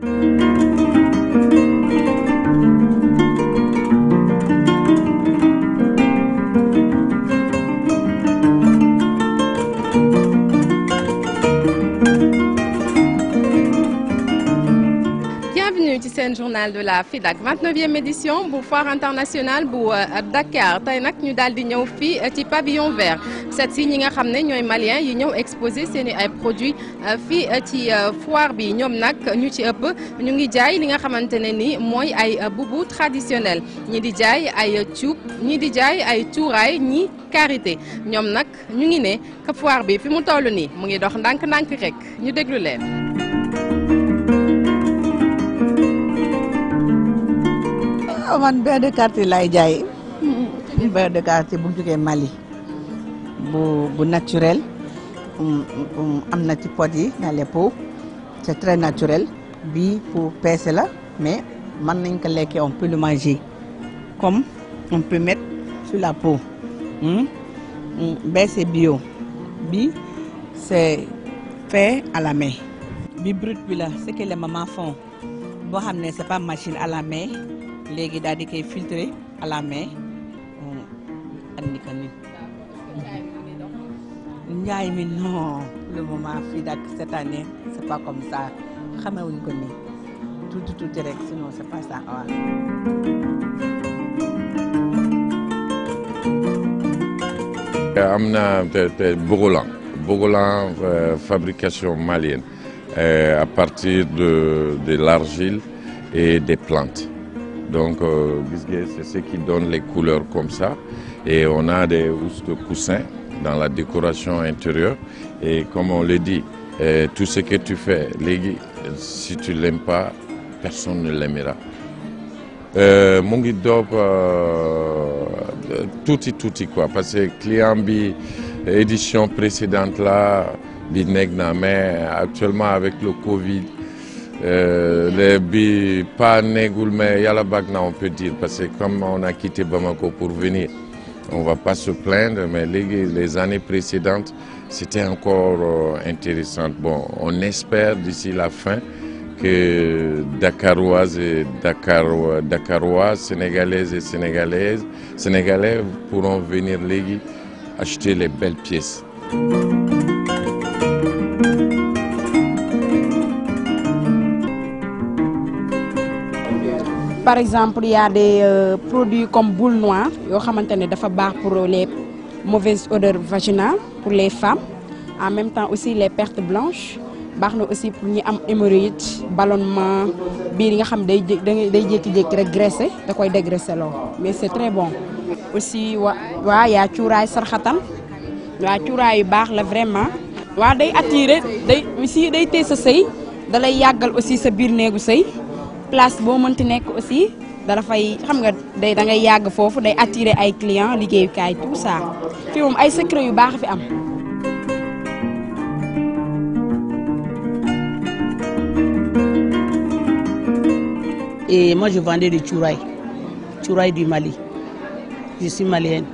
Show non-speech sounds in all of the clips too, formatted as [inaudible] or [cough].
Música seen journal de la FIDAK 29e édition bu foire internationale bu euh, Dakar tey nag ñu daal di ñëw fii euh, ci pavillon vert set si ñi nga xam ne ñooy malien yi ñëw exposé seen i ay euh, produits fii ci foire bi ñoom nag ñu ci ëpp ñu ngi jaay li nga xamante ne ni mooy ay bubu traditionnel ñi di jaay ay cuub ñi di jaay ay cuuraay ñi karité ñoom nag ñu ngi ne que foire bi fi mu toll nii mu ngi dox ndànk-ndànk rek ñu déglu leen waaw man beurre de quartier lay jaay [laughs] beurre de quartier bu jógee Mali bu naturel um, um, am na ci pot yi dans les pots c'est très naturel bi pour peese la mais man nañ ko lekkee on peut le manger comme on peut mettre sur la peau hmm? hmm, bee c'est bi c'est fait à la main bi brut bi la ce que les mamans font boo xam ne c'est pas machine à la main léegi daal di koy à la main andi ko nit le moment fii dak cette année c'est pas comme ça xamewuñ ko nii tuuti tuuti rek sinon c'est pas ça waaw euh, bogolan bogolan euh, fabrication malienne euh, à partir de de l'argile et des plantes Donc, euh, c'est ce qui donne les couleurs comme ça. Et on des housses de coussins dans la décoration intérieure. Et comme on le dit, euh, tout ce que tu fais, si tu ne l'aimes pas, personne ne l'aimera. Euh, mu ngi doog tuuti tuuti quoi parce que client bi édition précédente là bi nekk na mais actuellement avec le Covid. Euh, les bi pas Négoul, mais Yalabagna, on peut dire, parce que comme on a quitté Bamako pour venir, on ne va pas se plaindre, mais les, les années précédentes, c'était encore euh, intéressant. Bon, on espère d'ici la fin que Dakaroises et Dakarois, Dakarois Sénégalaises et Sénégalaises, Sénégalais pourront venir les acheter les belles pièces. par exemple il y des euh, produits comme boule noire yoo xamante ne dafa baax pour les mauvaises odeurs vaginales pour les femmes en même temps aussi les perte blanches baax na aussi pour ñi am hémorroïde ballonnement biir yi nga xam day day jékki-jékki rek graissé da koy dégraissé loo mais c'est très bon. aussi wa waa yaa cuuraay waa cuuraay yu baax la vraiment. waa day attiré day day tee sa sëy dalay yàggal aussi sa biir néegu sëy. place boo mënti nekk aussi dara fay xam nga day da ngay yàgg foofu day attirer ay clients liggéeyukaay tout ça fii moom ay secret yu baax fi am. Et moi, je vendais du Chouraï, Chouraï du Mali. Je suis malienne.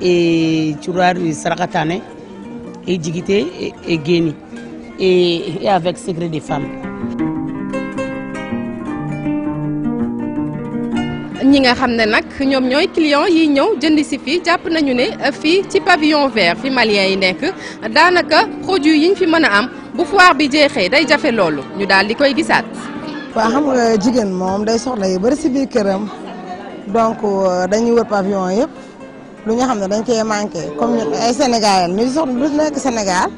Et Chouraï Sarakatane, et Djigité et, et Guéni. Et, et avec Secret des femmes. ñi nga xam ne nag ñoom ñooy clients yi ñëw jënd si fii jàpp nañu ne euh, fii ci pavillon vert fi malien yi nekk daanaka produit yiñ fi mën a am bu foire bi jeexee day jafe loolu ñu daal di koy gisaat. waa xam nga jigéen moom day soxla yu bari si biir këram donc euh, dañuy wër pavillon yëpp lu ñu xam ne dañ koy manqué comme ay Sénégalais ñu soxla lu nekk Sénégal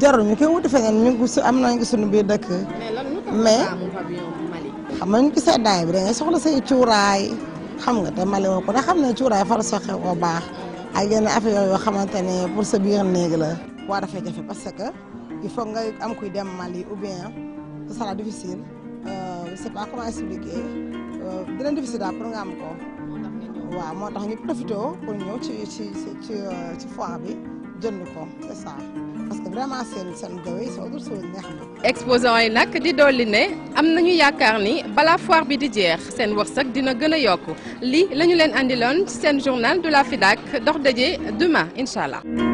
jarul ñu koy wuti feneen ñu ngi am nañ ko suñu biir dëkk mais. xam nga ñu ci seddaay bi da ngay soxla say cuuraay xam nga te Mali moom ku ne xam ne cuuraay far soxe ko baax ak yenn affaire yoo xamante ne pour sa biir néeg la. waa dafay jafe parce que il faut nga am kuy dem Mali ou bien ce sera difficile je euh, sais pas comment expliquer euh, dina difficile daal pour nga am waaw moo tax ñu profité pour ñëw ci ci ci ci euh, foire bi parce que exposants yi nag di dolli ne am nañu yaakaar ni balaa foire bi di jeex seen wërsëg dina gën a yokk lii la ñu leen indiloon ci seen journal de la FIDAK dox daje demain incha allah.